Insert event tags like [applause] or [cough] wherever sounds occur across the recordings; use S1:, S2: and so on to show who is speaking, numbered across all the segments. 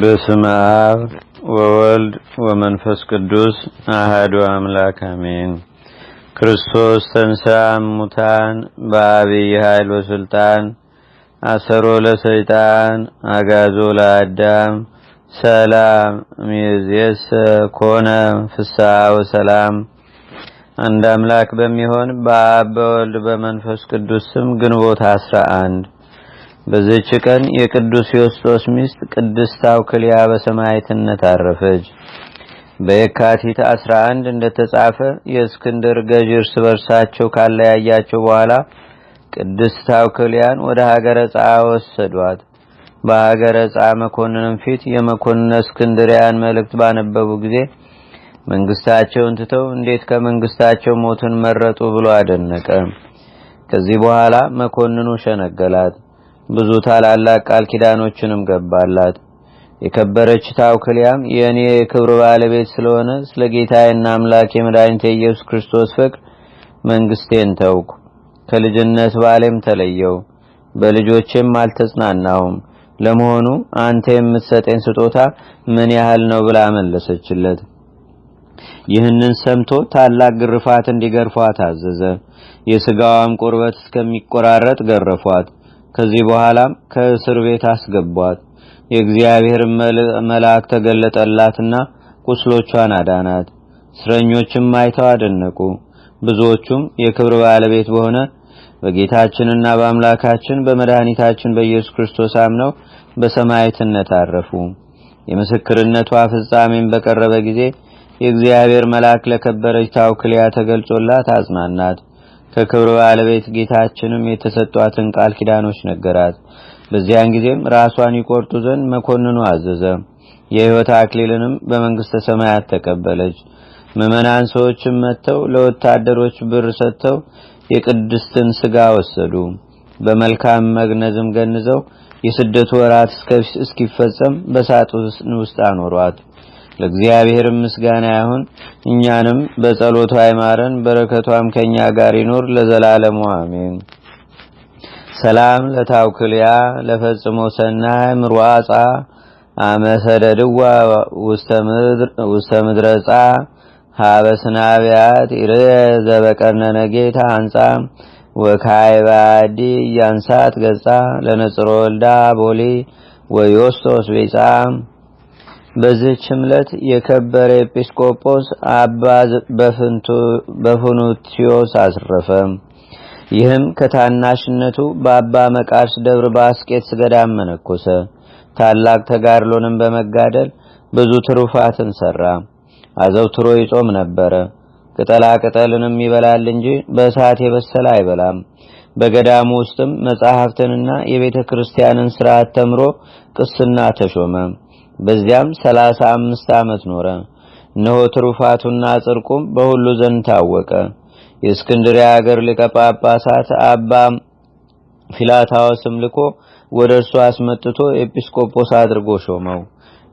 S1: በስመ አብ ወወልድ ወመንፈስ ቅዱስ አህዱ አምላክ አሜን። ክርስቶስ ተንሥአ እሙታን በአብይ ኃይል ወስልጣን አሰሮ ለሰይጣን አጋዞ ለአዳም ሰላም ሚዝየሰ ኮነ ፍስሐ ወሰላም። አንድ አምላክ በሚሆን በአብ በወልድ በመንፈስ ቅዱስ ስም ግንቦት አስራ አንድ በዚች ቀን የቅዱስ ዮስጦስ ሚስት ቅድስት አውክልያ በሰማዕትነት አረፈች። በየካቲት 11 እንደተጻፈ የእስክንድር ገዥ እርስ በርሳቸው ካለያያቸው በኋላ ቅድስት አውክልያን ወደ ሀገረ ጻ ወሰዷት። በሀገረ ጻ መኮንንም ፊት የመኮንን እስክንድሪያን መልእክት ባነበቡ ጊዜ መንግስታቸውን ትተው እንዴት ከመንግስታቸው ሞትን መረጡ ብሎ አደነቀ። ከዚህ በኋላ መኮንኑ ሸነገላት። ብዙ ታላላቅ ቃል ኪዳኖችንም ገባላት። የከበረች ታውክልያም የእኔ የክብር ባለቤት ስለሆነ ስለ ጌታዬና አምላክ የመድኃኒቴ ኢየሱስ ክርስቶስ ፍቅር መንግስቴን ተውኩ፣ ከልጅነት ባሌም ተለየው፣ በልጆቼም አልተጽናናሁም። ለመሆኑ አንተ የምትሰጠኝ ስጦታ ምን ያህል ነው ብላ መለሰችለት። ይህንን ሰምቶ ታላቅ ግርፋት እንዲገርፏት አዘዘ። የስጋዋም ቁርበት እስከሚቆራረጥ ገረፏት። ከዚህ በኋላም ከእስር ቤት አስገቧት። የእግዚአብሔር መልአክ ተገለጠላትና ቁስሎቿን አዳናት። እስረኞችም አይተው አደነቁ። ብዙዎቹም የክብር ባለቤት በሆነ በጌታችንና በአምላካችን በመድኃኒታችን በኢየሱስ ክርስቶስ አምነው በሰማዕትነት አረፉ። የምስክርነቷ ፍጻሜን በቀረበ ጊዜ የእግዚአብሔር መልአክ ለከበረች ታውክሊያ ተገልጾላት አጽናናት። ከክብር ባለቤት ጌታችንም የተሰጧትን ቃል ኪዳኖች ነገራት። በዚያን ጊዜም ራሷን ይቆርጡ ዘንድ መኮንኑ አዘዘ። የሕይወት አክሊልንም በመንግሥተ ሰማያት ተቀበለች። ምዕመናን ሰዎችም መጥተው ለወታደሮች ብር ሰጥተው የቅድስትን ሥጋ ወሰዱ። በመልካም መግነዝም ገንዘው የስደቱ ወራት እስኪፈጸም በሳጥን ውስጥ አኖሯት። ለእግዚአብሔር ምስጋና ይሁን። እኛንም በጸሎቱ አይማረን፣ በረከቷም ከኛ ጋር ይኖር ለዘላለሙ አሜን። ሰላም ለታውክልያ ለፈጽሞ ሰናይ ምርዋጻ አመሰደድዋ ውስተ ምድረጻ ሀበስናቢያት ኢር ዘበቀነነ ጌታ አንጻ ወካይባዲ እያንሳት ገጻ ለነጽሮ ወልዳ ቦሊ ወዮስቶስ ቤጻም በዚህች ዕለት የከበረ ኤጲስቆጶስ አባ በፍኑትዮስ አስረፈ። ይህም ከታናሽነቱ በአባ መቃርስ ደብር ባስኬት ስገዳም መነኮሰ። ታላቅ ተጋድሎንም በመጋደል ብዙ ትሩፋትን ሰራ። አዘውትሮ ይጾም ነበረ። ቅጠላ ቅጠልንም ይበላል እንጂ በእሳት የበሰለ አይበላም። በገዳሙ ውስጥም መጻሕፍትንና የቤተ ክርስቲያንን ሥርዓት ተምሮ ቅስና ተሾመ። በዚያም ሰላሳ አምስት ዓመት ኖረ። እነሆ ትሩፋቱና ጽድቁም በሁሉ ዘንድ ታወቀ። የእስክንድሪያ አገር ሊቀ ጳጳሳት አባ ፊላታዎስም ልኮ ወደ እርሱ አስመጥቶ ኤጲስቆጶስ አድርጎ ሾመው።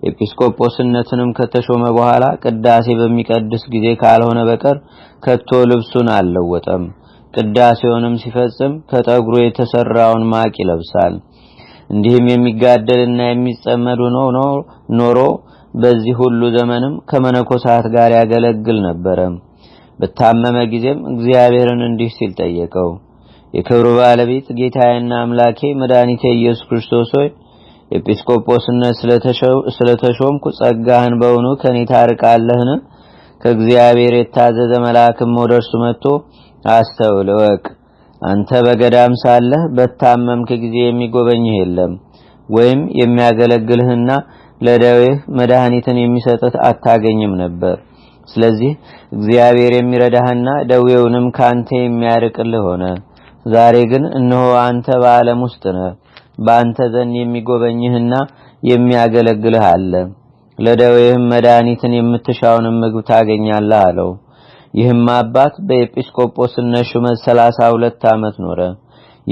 S1: ኤጲስቆጶስነትንም ከተሾመ በኋላ ቅዳሴ በሚቀድስ ጊዜ ካልሆነ በቀር ከቶ ልብሱን አልለወጠም። ቅዳሴውንም ሲፈጽም ከጠጉሩ የተሰራውን ማቅ ይለብሳል። እንዲህም የሚጋደልና የሚጸመድ ሆኖ ኖሮ በዚህ ሁሉ ዘመንም ከመነኮሳት ጋር ያገለግል ነበረ። በታመመ ጊዜም እግዚአብሔርን እንዲህ ሲል ጠየቀው። የክብሩ ባለቤት ጌታዬና አምላኬ መድኃኒቴ ኢየሱስ ክርስቶስ ሆይ ኤጲስቆጶስነት ስለተሾምኩ ጸጋህን በእውኑ ከኔ ታርቃለህን? ከእግዚአብሔር የታዘዘ መልአክም ወደ እርሱ መጥቶ አስተውል እወቅ አንተ በገዳም ሳለህ በታመምክ ጊዜ የሚጎበኝህ የለም ወይም የሚያገለግልህና ለደዌህ መድኃኒትን የሚሰጥህ አታገኝም ነበር። ስለዚህ እግዚአብሔር የሚረዳህና ደዌውንም ካንተ የሚያርቅልህ ሆነ። ዛሬ ግን እነሆ አንተ በዓለም ውስጥ ነህ፣ በአንተ ዘንድ የሚጎበኝህና የሚያገለግልህ አለ። ለደዌህም መድኃኒትን የምትሻውንም ምግብ ታገኛለህ አለው። ይህም አባት በኤጲስቆጶስነት ሹመት ሰላሳ ሁለት ዓመት ኖረ።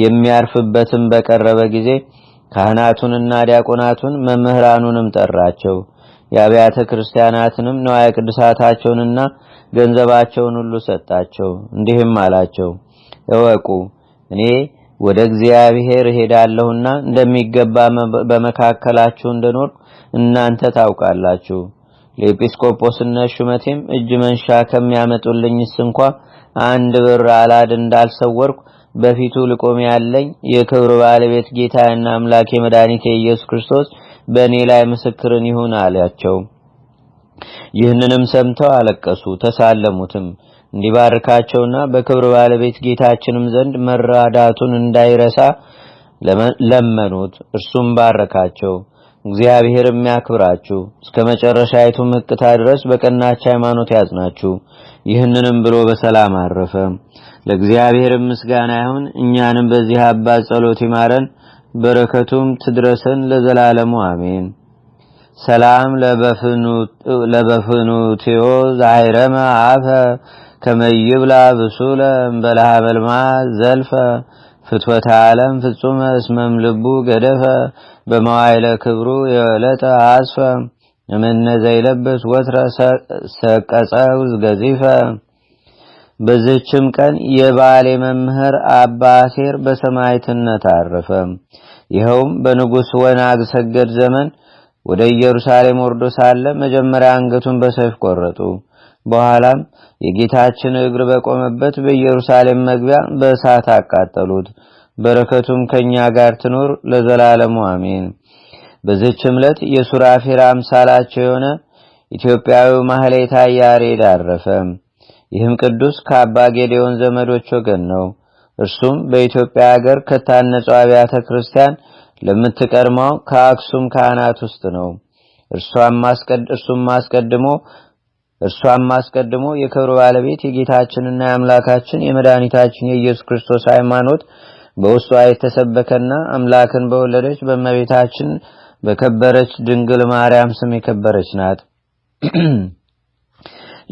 S1: የሚያርፍበትም በቀረበ ጊዜ ካህናቱንና ዲያቆናቱን መምህራኑንም ጠራቸው። የአብያተ ክርስቲያናትንም ነዋየ ቅዱሳታቸውንና ገንዘባቸውን ሁሉ ሰጣቸው። እንዲህም አላቸው፣ እወቁ እኔ ወደ እግዚአብሔር እሄዳለሁና እንደሚገባ በመካከላችሁ እንደኖር እናንተ ታውቃላችሁ። ለኤጲስቆጶስነት ሹመቴም እጅ መንሻ ከሚያመጡልኝስ እንኳ አንድ ብር አላድ እንዳልሰወርኩ በፊቱ ልቆም ያለኝ የክብር ባለቤት ጌታና አምላኬ መድኃኒቴ ኢየሱስ ክርስቶስ በእኔ ላይ ምስክርን ይሁን አላቸው። ይህንንም ሰምተው አለቀሱ፣ ተሳለሙትም። እንዲባርካቸውና በክብር ባለቤት ጌታችንም ዘንድ መራዳቱን እንዳይረሳ ለመኑት። እርሱም ባረካቸው። እግዚአብሔርም ያክብራችሁ እስከ መጨረሻይቱ ምቅታ ድረስ በቀናች ሃይማኖት ያጽናችሁ። ይህንንም ብሎ በሰላም አረፈ። ለእግዚአብሔር ምስጋና ይሁን። እኛንም በዚህ አባት ጸሎት ይማረን፣ በረከቱም ትድረሰን ለዘላለሙ አሜን። ሰላም ለበፍኑቴዮ ዛይረመ አፈ ከመይብላ ብሱለ በልማ ዘልፈ ፍትወተ ዓለም ፍጹመ እስመም ልቡ ገደፈ በመዋይለ ክብሩ የዕለተ አስፈ እምነዘ ዘይለብስ ወትረ ሰቀጸው ገዚፈ በዚችም ቀን የባሌ መምህር አባ በሰማይትነት በሰማዕትነት አረፈ። ይኸውም በንጉሥ ወናግ ሰገድ ዘመን ወደ ኢየሩሳሌም ወርዶ ሳለ መጀመሪያ አንገቱን በሰይፍ ቆረጡ። በኋላም የጌታችን እግር በቆመበት በኢየሩሳሌም መግቢያ በእሳት አቃጠሉት። በረከቱም ከእኛ ጋር ትኑር ለዘላለሙ አሜን። በዚህች ዕለት የሱራፌል አምሳላቸው የሆነ ኢትዮጵያዊ ማህሌታ ያሬድ አረፈ። ይህም ቅዱስ ከአባ ጌዴዮን ዘመዶች ወገን ነው። እርሱም በኢትዮጵያ ሀገር ከታነጸው አብያተ ክርስቲያን ለምትቀድመው ከአክሱም ካህናት ውስጥ ነው። እርሷም አስቀድሞ የክብሩ ባለቤት የጌታችንና የአምላካችን የመድኃኒታችን የኢየሱስ ክርስቶስ ሃይማኖት በውስጧ የተሰበከና አምላክን በወለደች በመቤታችን በከበረች ድንግል ማርያም ስም የከበረች ናት። [clears throat]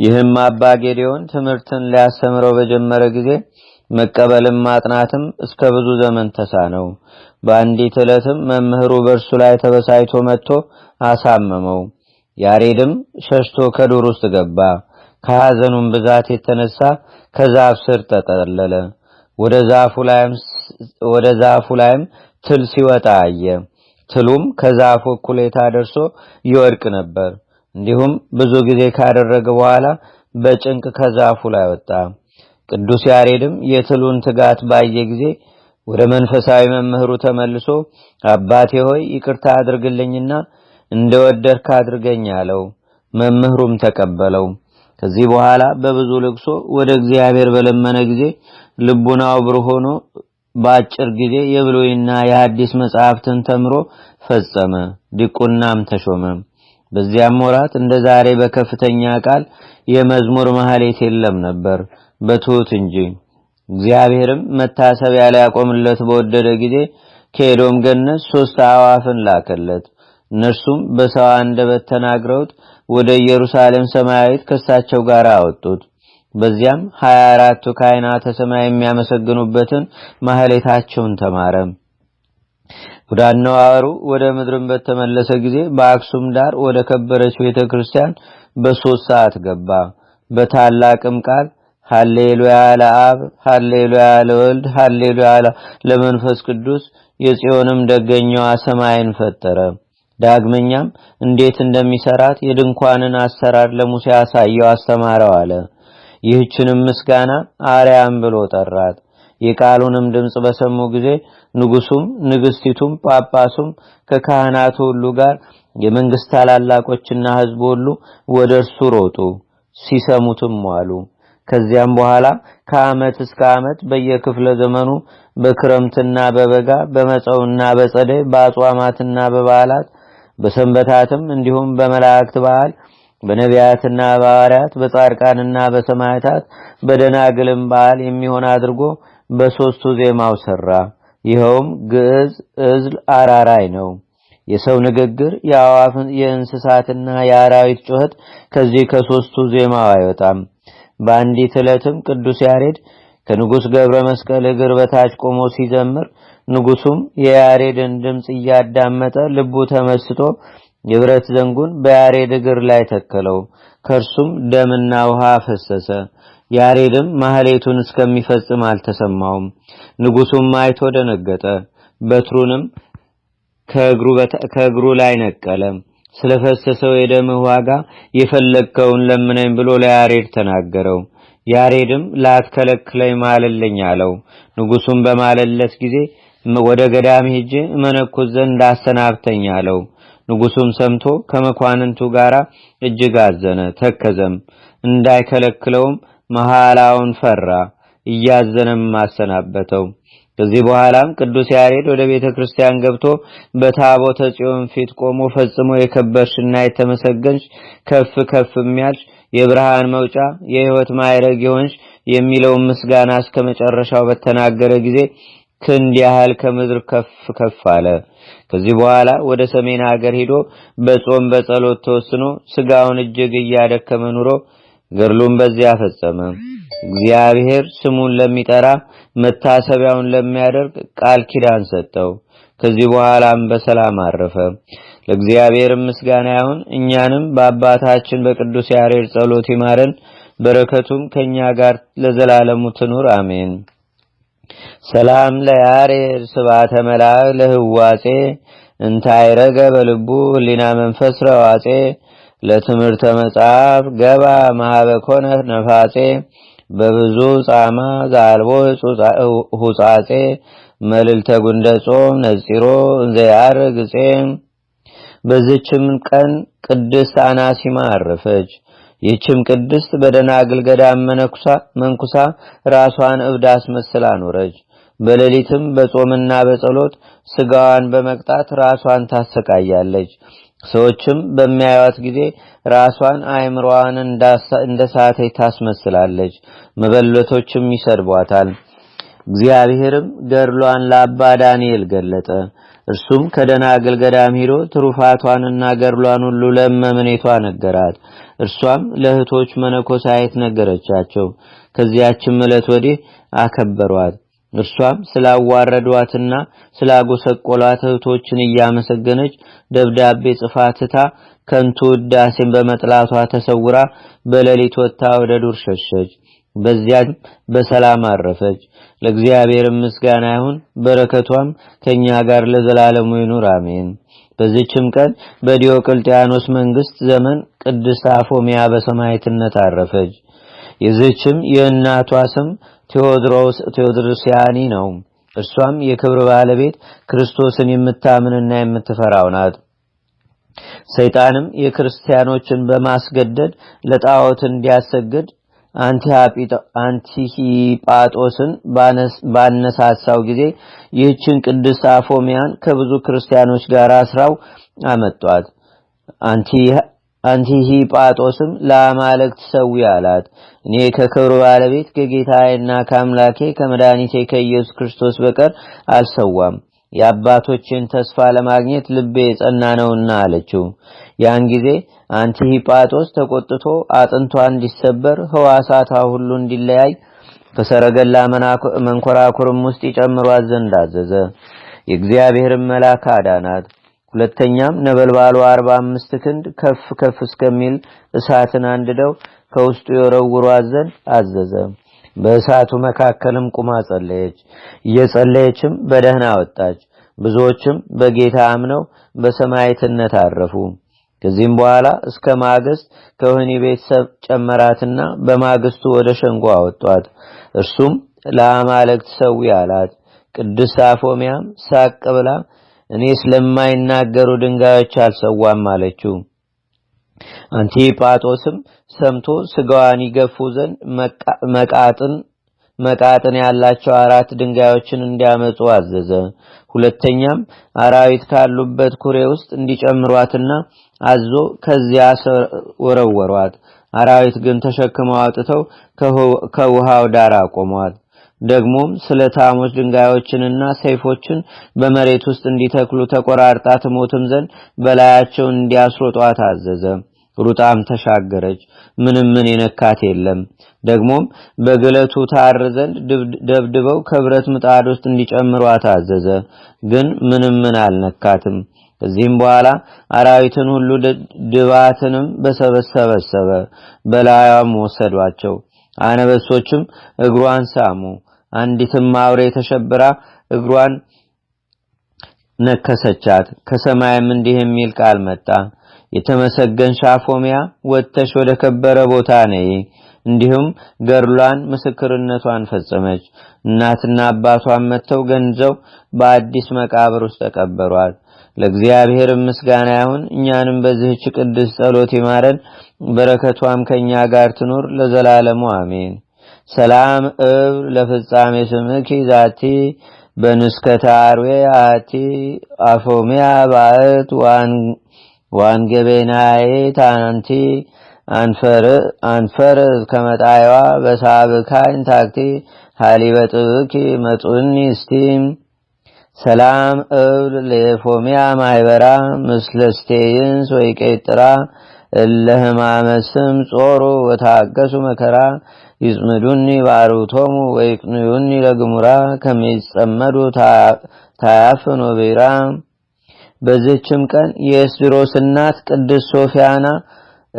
S1: ይህም አባ ጌዲዮን ትምህርትን ሊያስተምረው በጀመረ ጊዜ መቀበልም ማጥናትም እስከ ብዙ ዘመን ተሳ ነው። በአንዲት ዕለትም መምህሩ በእርሱ ላይ ተበሳይቶ መጥቶ አሳመመው። ያሬድም ሸሽቶ ከዱር ውስጥ ገባ። ከሐዘኑም ብዛት የተነሳ ከዛፍ ስር ተጠለለ። ወደ ዛፉ ላይም ወደ ዛፉ ላይም ትል ሲወጣ አየ። ትሉም ከዛፉ እኩሌታ ደርሶ ይወድቅ ነበር። እንዲሁም ብዙ ጊዜ ካደረገ በኋላ በጭንቅ ከዛፉ ላይ ወጣ። ቅዱስ ያሬድም የትሉን ትጋት ባየ ጊዜ ወደ መንፈሳዊ መምህሩ ተመልሶ አባቴ ሆይ ይቅርታ አድርግልኝና እንደወደድክ አድርገኝ አለው። መምህሩም ተቀበለው። ከዚህ በኋላ በብዙ ልቅሶ ወደ እግዚአብሔር በለመነ ጊዜ ልቡናው ብሩህ ሆኖ በአጭር ጊዜ የብሉይና የሐዲስ መጽሐፍትን ተምሮ ፈጸመ፣ ዲቁናም ተሾመ። በዚያም ወራት እንደ ዛሬ በከፍተኛ ቃል የመዝሙር ማህሌት የለም ነበር፣ በትሁት እንጂ። እግዚአብሔርም መታሰቢያ ሊያቆምለት በወደደ ጊዜ ከኤዶም ገነት ሶስት አዕዋፍን ላከለት። እነርሱም በሰው አንደበት ተናግረውት ወደ ኢየሩሳሌም ሰማያዊት ከእሳቸው ጋር አወጡት። በዚያም 24 አራቱ ካህናተ ሰማይ የሚያመሰግኑበትን ማህሌታቸውን ተማረ። ወደ ወደ ምድርን በተመለሰ ጊዜ በአክሱም ዳር ወደ ከበረች ቤተ ክርስቲያን በሶስት ሰዓት ገባ። በታላቅም ቃል ሃሌሉያ ለአብ፣ ሃሌሉያ ለወልድ፣ ሃሌሉያ ለመንፈስ ቅዱስ የጽዮንም ደገኛዋ ሰማይን ፈጠረ። ዳግመኛም እንዴት እንደሚሰራት የድንኳንን አሰራር ለሙሴ አሳየው አስተማረው አለ። ይህችንም ምስጋና አርያም ብሎ ጠራት። የቃሉንም ድምፅ በሰሙ ጊዜ ንጉሱም፣ ንግስቲቱም፣ ጳጳሱም ከካህናቱ ሁሉ ጋር የመንግስት ታላላቆችና ህዝብ ሁሉ ወደ እርሱ ሮጡ፣ ሲሰሙትም ዋሉ። ከዚያም በኋላ ከዓመት እስከ ዓመት በየክፍለ ዘመኑ በክረምትና በበጋ በመጸውና በጸደይ በአጽዋማትና በበዓላት በሰንበታትም እንዲሁም በመላእክት በዓል በነቢያትና በሐዋርያት በጻድቃንና በሰማዕታት በደናግልም በዓል የሚሆን አድርጎ በሦስቱ ዜማው ሠራ። ይኸውም ግዕዝ፣ እዝል፣ አራራይ ነው። የሰው ንግግር፣ የአዋፍ የእንስሳትና የአራዊት ጩኸት ከዚህ ከሦስቱ ዜማው አይወጣም። በአንዲት ዕለትም ቅዱስ ያሬድ ከንጉሥ ገብረ መስቀል እግር በታች ቆሞ ሲዘምር ንጉሱም የያሬድን ድምፅ እያዳመጠ ልቡ ተመስጦ የብረት ዘንጉን በያሬድ እግር ላይ ተከለው፣ ከእርሱም ደምና ውሃ ፈሰሰ። ያሬድም ማህሌቱን እስከሚፈጽም አልተሰማውም። ንጉሱም አይቶ ደነገጠ። በትሩንም ከእግሩ ላይ ነቀለ። ስለፈሰሰው የደምህ ዋጋ የፈለግከውን ለምነኝ ብሎ ለያሬድ ተናገረው። ያሬድም ላትከለክለኝ ማልልኝ አለው። ንጉሱም በማለለት ጊዜ ወደ ገዳም ሄጄ መነኩስ ዘንድ አሰናብተኝ አለው። ንጉሱም ሰምቶ ከመኳንንቱ ጋር እጅግ አዘነ፣ ተከዘም። እንዳይከለክለውም መሃላውን ፈራ፣ እያዘነም አሰናበተው። ከዚህ በኋላም ቅዱስ ያሬድ ወደ ቤተ ክርስቲያን ገብቶ በታቦተ ጽዮን ፊት ቆሞ ፈጽሞ የከበርሽና የተመሰገንሽ ከፍ ከፍ የሚያልሽ የብርሃን መውጫ የህይወት ማይረግ የሆንሽ የሚለውን ምስጋና እስከ መጨረሻው በተናገረ ጊዜ ክንድ ያህል ከምድር ከፍ ከፍ አለ። ከዚህ በኋላ ወደ ሰሜን ሀገር ሄዶ በጾም በጸሎት ተወስኖ ስጋውን እጅግ እያደከመ ኑሮ ገድሉን በዚያ ፈጸመ። እግዚአብሔር ስሙን ለሚጠራ መታሰቢያውን ለሚያደርግ ቃል ኪዳን ሰጠው። ከዚህ በኋላም በሰላም አረፈ። ለእግዚአብሔር ምስጋና ይሁን። እኛንም በአባታችን በቅዱስ ያሬድ ጸሎት ይማረን፣ በረከቱም ከኛ ጋር ለዘላለሙ ትኑር አሜን። ሰላም ለያሬድ ስባተ መልአክ ለህዋጼ እንታይረገ በልቡ ህሊና መንፈስ ረዋጼ ለትምህርተ መጽሐፍ ገባ ማህበ ኮነ ነፋጼ በብዙ ጻማ ዛልቦ ሁጻጼ መልልተ ጉንደ ጾም ነጺሮ እንዘያርግ ጼም። በዝችም ቀን ቅድስት አናሲማ አረፈች። ይህችም ቅድስት በደናግል ገዳም መንኩሳ ራሷን እብድ አስመስላ ኖረች። በሌሊትም በጾምና በጸሎት ስጋዋን በመቅጣት ራሷን ታሰቃያለች። ሰዎችም በሚያዩት ጊዜ ራሷን አእምሮዋን እንደ ሳተች ታስመስላለች። መበለቶችም ይሰድቧታል። እግዚአብሔርም ገድሏን ለአባ ዳንኤል ገለጠ። እርሱም ከደናግል ገዳም ሂዶ ትሩፋቷንና ገድሏን ሁሉ ለመምኔቷ ነገራት። እርሷም ለእህቶች መነኮሳይት ነገረቻቸው። ከዚያችም እለት ወዲህ አከበሯት። እርሷም ስላዋረዷትና ስላጎሰቆሏት እህቶችን እያመሰገነች ደብዳቤ ጽፋትታ ከንቱ ውዳሴን በመጥላቷ ተሰውራ በሌሊት ወጥታ ወደ ዱር ሸሸች። በዚያም በሰላም አረፈች። ለእግዚአብሔር ምስጋና ይሁን፣ በረከቷም ከኛ ጋር ለዘላለሙ ይኑር አሜን። በዚችም ቀን በዲዮቅልጥያኖስ መንግስት ዘመን ቅድስት አፎሚያ በሰማዕትነት አረፈች። የዚችም የእናቷ ስም ቴዎድሮስ ቴዎድሮስያኒ ነው። እርሷም የክብር ባለቤት ክርስቶስን የምታምንና የምትፈራው ናት። ሰይጣንም የክርስቲያኖችን በማስገደድ ለጣዖት እንዲያሰግድ አንቲሂጳጦስን ባነሳሳው ጊዜ ይህችን ቅድስት አፎሚያን ከብዙ ክርስቲያኖች ጋር አስራው አመጧት። አንቲሂጳጦስም ለአማልክት ሰዊ አላት። እኔ ከክብሩ ባለቤት ከጌታዬና ከአምላኬ ከመድኃኒቴ ከኢየሱስ ክርስቶስ በቀር አልሰዋም የአባቶችን ተስፋ ለማግኘት ልቤ የጸና ነውና አለችው። ያን ጊዜ አንቲሂጳጦስ ተቆጥቶ አጥንቷ እንዲሰበር ህዋሳቷ ሁሉ እንዲለያይ ከሰረገላ መንኮራኩርም ውስጥ ይጨምሯት ዘንድ አዘዘ። የእግዚአብሔርን መልአክ አዳናት። ሁለተኛም ነበልባሉ አርባ አምስት ክንድ ከፍ ከፍ እስከሚል እሳትን አንድደው ከውስጡ የወረውሯት ዘንድ አዘዘ። በእሳቱ መካከልም ቁማ ጸለየች። እየጸለየችም በደህና ወጣች። ብዙዎችም በጌታ አምነው በሰማዕትነት አረፉ። ከዚህም በኋላ እስከ ማግስት ከወህኒ ቤተሰብ ጨመራትና በማግስቱ ወደ ሸንጎ አወጧት። እርሱም ለአማልክት ሰዊ አላት። ቅድስት አፎሚያም ሳቅ ብላ እኔ ስለማይናገሩ ድንጋዮች አልሰዋም አለችው። አንቲጳጦስም ሰምቶ ስጋዋን ይገፉ ዘንድ መቃጥን መቃጥን ያላቸው አራት ድንጋዮችን እንዲያመጡ አዘዘ። ሁለተኛም አራዊት ካሉበት ኩሬ ውስጥ እንዲጨምሯትና አዞ ከዚያ ወረወሯት። አራዊት ግን ተሸክመው አውጥተው ከውሃው ዳር አቆሟት። ደግሞም ስለታሞች ድንጋዮችንና ሰይፎችን በመሬት ውስጥ እንዲተክሉ ተቆራርጣ ትሞትም ዘንድ በላያቸው እንዲያስሮጧት አዘዘ። ሩጣም ተሻገረች፣ ምንም ምን የነካት የለም። ደግሞም በግለቱ ታር ዘንድ ደብድበው ከብረት ምጣድ ውስጥ እንዲጨምሯት አዘዘ፣ ግን ምንም ምን አልነካትም። ከዚህም በኋላ አራዊትን ሁሉ ድባትንም በሰበሰበሰበ በላያም ወሰዷቸው። አነበሶችም እግሯን ሳሙ። አንዲትም አውሬ ተሸብራ እግሯን ነከሰቻት። ከሰማይም እንዲህ የሚል ቃል መጣ የተመሰገን ሻፎሚያ ወጥተሽ ወደ ከበረ ቦታ ነይ። እንዲሁም ገርሏን ምስክርነቷን ፈጸመች። እናትና አባቷን መጥተው ገንዘው በአዲስ መቃብር ውስጥ ተቀበሯል። ለእግዚአብሔር ምስጋና ይሁን። እኛንም በዚህች ቅዱስ ጸሎት ይማረን፣ በረከቷም ከኛ ጋር ትኑር ለዘላለሙ አሜን። ሰላም እብ ለፍጻሜ ስምኪ ዛቲ በንስከታርዌ አቲ አፎሚያ ባእት ዋን ዋንገቤናዬ ታንቲ አንፈር ከመጣይዋ በሳብካይን ታክቲ በጥብኪ መጡኒ ስቲም ሰላም እብል ለፎሚያ ማይበራ ምስለስቴይንስ ወይቄጥራ እለህማመስም ጾሩ ወታገሱ መከራ ይጽምዱኒ ባሩቶሙ ወይቅንዩኒ ለግሙራ ከሚጸመዱ ታያፍኖ ቤራ በዚህችም ቀን የኤስድሮስ እናት ቅድስት ሶፊያና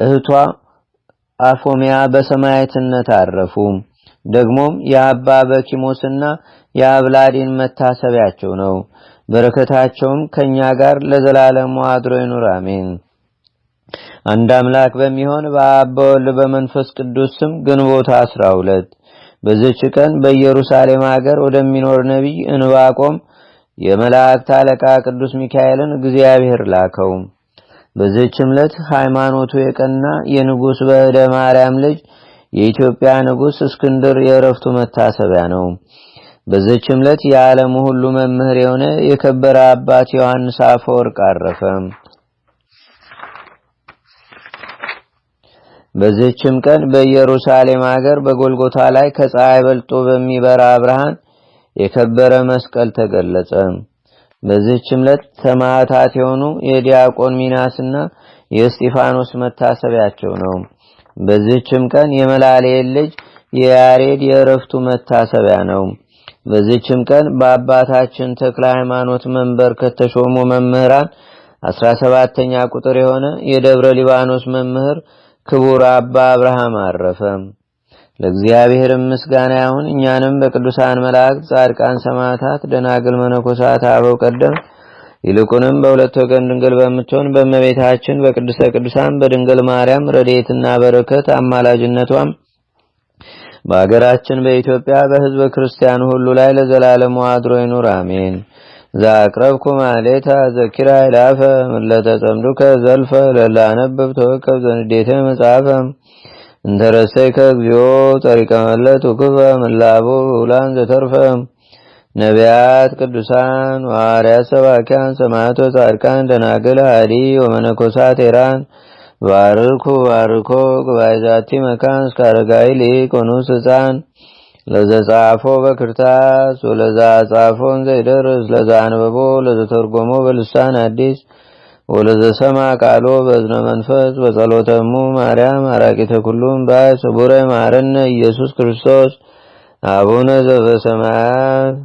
S1: እህቷ አፎሚያ በሰማያትነት አረፉ። ደግሞም የአባ በኪሞስና የአብላዲን መታሰቢያቸው ነው። በረከታቸውም ከእኛ ጋር ለዘላለሙ አድሮ ይኑር፣ አሜን። አንድ አምላክ በሚሆን በአብ በወልድ በመንፈስ ቅዱስ ስም ግንቦት አስራ ሁለት በዚች ቀን በኢየሩሳሌም አገር ወደሚኖር ነቢይ እንባቆም የመላእክት አለቃ ቅዱስ ሚካኤልን እግዚአብሔር ላከው። በዚህች ዕለት ሃይማኖቱ የቀና የንጉሥ በእደ ማርያም ልጅ የኢትዮጵያ ንጉሥ እስክንድር የእረፍቱ መታሰቢያ ነው። በዚህች ዕለት የዓለሙ ሁሉ መምህር የሆነ የከበረ አባት ዮሐንስ አፈወርቅ አረፈ። በዚህችም ቀን በኢየሩሳሌም አገር በጎልጎታ ላይ ከፀሐይ በልጦ በሚበራ ብርሃን የከበረ መስቀል ተገለጸ። በዚህች ዕለት ሰማዕታት የሆኑ የዲያቆን ሚናስና የእስጢፋኖስ መታሰቢያቸው ነው። በዚህችም ቀን የመላልኤል ልጅ የያሬድ የእረፍቱ መታሰቢያ ነው። በዚህችም ቀን በአባታችን ተክለ ሃይማኖት መንበር ከተሾሙ መምህራን አስራ ሰባተኛ ቁጥር የሆነ የደብረ ሊባኖስ መምህር ክቡር አባ አብርሃም አረፈ። ለእግዚአብሔርም ምስጋና ይሁን። እኛንም በቅዱሳን መላእክት፣ ጻድቃን፣ ሰማዕታት፣ ደናግል፣ መነኮሳት፣ አበው ቀደም ይልቁንም በሁለት ወገን ድንግል በምትሆን በእመቤታችን በቅድስተ ቅዱሳን በድንግል ማርያም ረድኤትና በረከት አማላጅነቷም በአገራችን በኢትዮጵያ በሕዝበ ክርስቲያን ሁሉ ላይ ለዘላለሙ አድሮ ይኑር፣ አሜን። ዘአቅረብኩ ማሌታ ዘኪራ ይላፈ ምለተጸምዱከ ዘልፈ ለላነብብ ተወከብ ዘንዴተ መጽሐፈም እንተረሰይከ እግዚኦ ጸሪቀ መለት ውክፈ ምላቡ ውላን ዘተርፈ ነቢያት፣ ቅዱሳን፣ ሐዋርያት፣ ሰባኪያን፣ ሰማዕቶ፣ ጻድቃን፣ ደናግል፣ ሃዲ ወመነኮሳት ኤራን ባርኩ ባርኮ ጉባኤዛቲ መካን እስከ አረጋዊ ሊቅ ወንኡስ ሕፃን ለዘጻፎ በክርታስ ወለዛ ጻፎን ዘይደርስ ለዛ አንበቦ ለዘተርጎሞ በልሳን አዲስ ወለዘሰማ ቃሎ በዝነ መንፈስ በጸሎተሙ ማርያም አራቂተ ኩሉም ባይ ስቡረ ማረነ ኢየሱስ ክርስቶስ አቡነ ዘበሰማያት